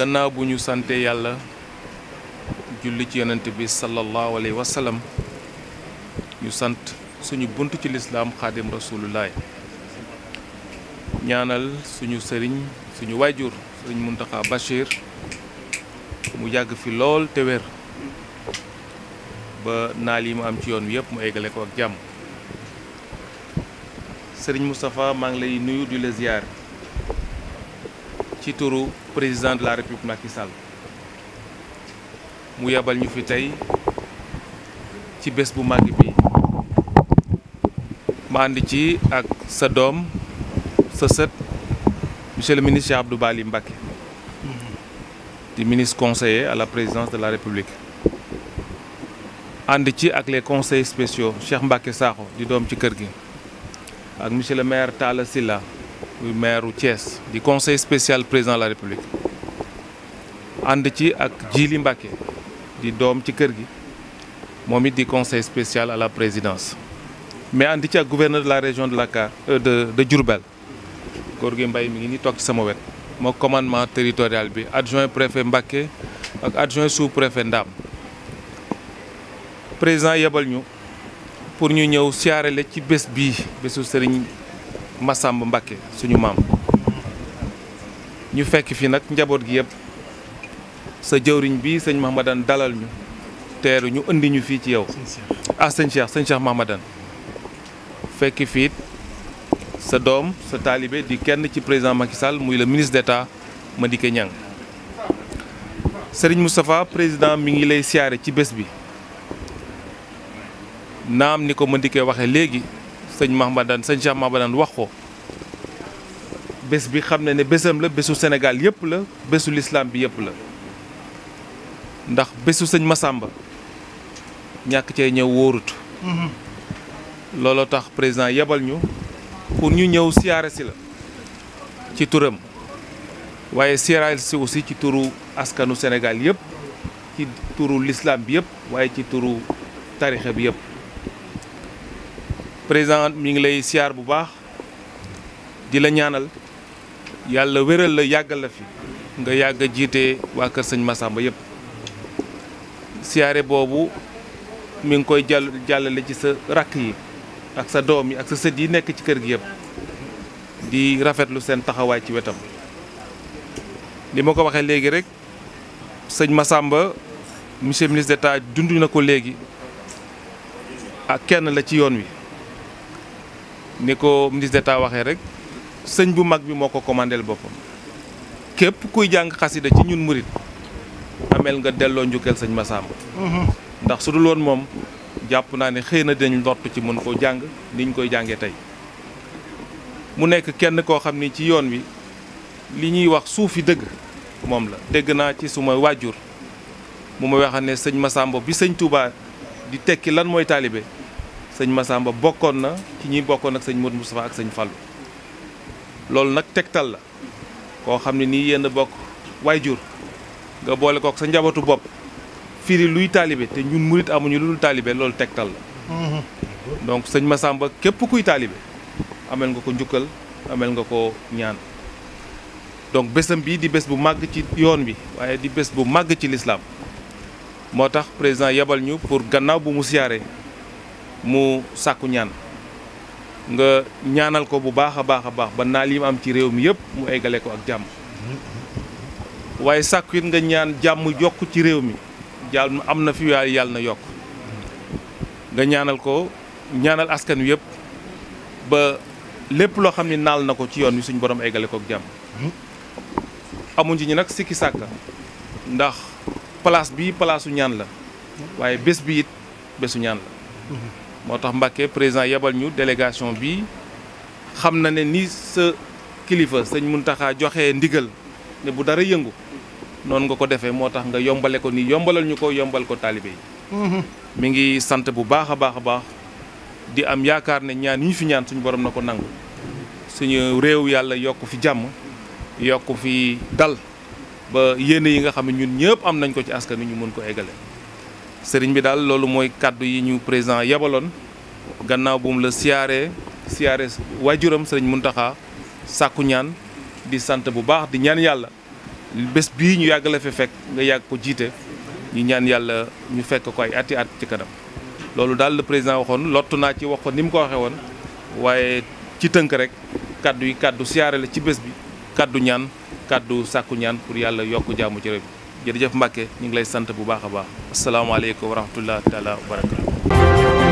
gannaaw bu ñu santee yàlla julli ci yonent bi sallallahu alayhi wa sallam ñu sant suñu bunt ci lislaam xaadim rasulullaay ñaanal suñu sëriñ suñu waajur sëriñ Muntaxa Bachir mu yàgg fi lool te wér ba naa lii mu am ci yoon wi yëpp mu eggale ko ak jàmm sëriñ Moustapha maa ngi lay nuyu di la ziar ci turu président de la république Macky Sall mu yebal ñu fi tey ci bés bu màgg bi ma ànd ci ak sa doom sa sët monsieur le ministre Cheikh Abdou Bali Mbacké di ministre conseiller à la présidence de la république ànd ci ak les conseils spéciaux Cheikh Mbacké Sakho di doom ci kër gi ak monsieur le maire Talla silla maire u Thiès di conseil spécial président de la république ànd ci ak jiili Mbacké di doom ci kër gi moom it di conseil spécial à la présidence mais ànd ci ak gouverneur la région de la Dakar euh, de de Diourbel góor gi mbay mi ngi ni toog sama wet moo commandement territorial bi adjoint préfet Mbacké ak adjoint sous préfet Ndam président yebal ñu pour ñu ñëw siyaare la ci bés bii bésu sëriñ Massamba Mbacké suñu maam ñu fekk fi nag njaboot gi yëpp sa jëwriñ bi sëñ Mahmadan dalal ñu teeru ñu indi ñu fii ci yow ah sëñ Cheikh sëñ Cheikh Mahmadan fekk fiit sa doom sa taalibe di kenn ci président Macky Sall muy le ministre ma Madické Niang Serigne Moustapha président mi ngi lay siyaare ci bés bi naam ni ko ma Madické waxee léegi sëñ Mahmadan sëñ Cheikh Mahmadan wax ko bés bi xam ne ne bésam la bésu Sénégal yëpp la bésu lislaam bi yëpp la ndax bésu sëñ Massamba ñàkk cee ñëw wóorut looloo tax président yebal ñu pour ñu ñëw siyaare si la ci turam waaye siyaare si aussi ci turu askanu Sénégal yëpp ci turu lislaam bi yëpp waaye ci turu tarixa bi yëpp président mi ngi lay siyaar bu baax di la ñaanal yàlla wéral la yàggal la fi nga yàgg a jiite waa kër sëñ Massamba yëpp siyaare boobu mi ngi koy jàll jàllale ci sa rakk yi ak sa doom yi ak sa sët yi nekk ci kër gi yëpp di rafetlu seen taxawaay ci wetam li ma ko waxee léegi rek sëñ Massamba monsieur ministre d'État dund na ko léegi ak kenn la ci yoon wi ni ko ministre taa waxee rek sëñ bu mag bi moo ko commandel boppam képp kuy jàng xasida ci ñun murit amel nga delloo njukkal sëñ Massamba mhm. ndax su dul woon moom jàpp naa ne xëy na dañ lott ci mën koo jàng ni ñu koy jàngee tey mu nekk kenn koo xam ni ci yoon wi li ñuy wax suufi dëgg moom la dégg naa ci suma waajur mu ma waxam ne sëñ Massamba bi sëñ Touba di tekki lan mooy taalibe sëñ Massamba bokkoon na ci ñi bokkoon ak sëñ Modou Moustapha ak sañ Fallou loolu nag tegtal la koo xam ne nii yenn bokk waajur nga boole kook sa njabootu bopp firi luy taalibe te ñun murit amuñu lu dul taalibe loolu tegtal la mhm. donc sëñ Massamba képp kuy taalibe amel nga ko njukkal amel nga ko ñaan donc bésam bii di bés bu màgg ci yoon wi waaye di bés bu màgg ci lislaam moo tax président yebal ñu pour gannaaw bu mu siyaaree mu sàkku ñaan nga ñaanal ko bu baax a baax a baax ba naal yi mu am ci réew mi yëpp mu eggale ko ak jàmm waaye sàkku yit nga ñaan jàmm yokk ci réew mi jàll am na fi waaye yàlla na yokk nga ñaanal ko ñaanal askan wi yëpp ba lépp loo xam ne naal na ko ci yoon wi suñu borom eggale ko ak jàmm amuñ ci nag sikki sàkka ndax place bii palaasu ñaan la waaye bés bi it bésu ñaan la moo tax Mbàkke président yebal ñu délégation bi xam na ne ni sa kilifa sëñ Muntaxa joxe ndigal ne bu dara yëngu noonu nga ko defee moo tax nga yombale ko nii yombalal ñu ko yombal ko taalibe yi mhm. mi ngi sant bu baax a baax a baax di am yaakaar ne ñaan yi ñu fi ñaan suñu borom na ko nangu suñu réew yàlla yokk fi jàmm yokk fi dal ba yéene yi nga xam ne ñun ñëpp am nañ ko ci askan wi ñu mën ko eggale sëriñ bi daal loolu mooy kàddu yi ñu président yebaloon gannaaw bu mu la siyaaree siyaare waajuram sëriñ taxa sàkku ñaan di sant bu baax di ñaan yàlla bés bii ñu yàgg la fi fekk nga yàgg ko jiite ñu ñaan yàlla ñu fekk ko ay ati at ci kanam loolu daal le président waxoon lottu naa ci wax ko ni mu ko waxee woon waaye ci tënk rek kàddu yi kàddu siyaare la ci bés bi kàddu ñaan kàddu sàkku ñaan pour yàlla yokk jaamu cere bi jërëjëf Mbacke ñu ngi lay sant bu baax a baax asalaamaaleykum wa rahmatulah taala wa barakatu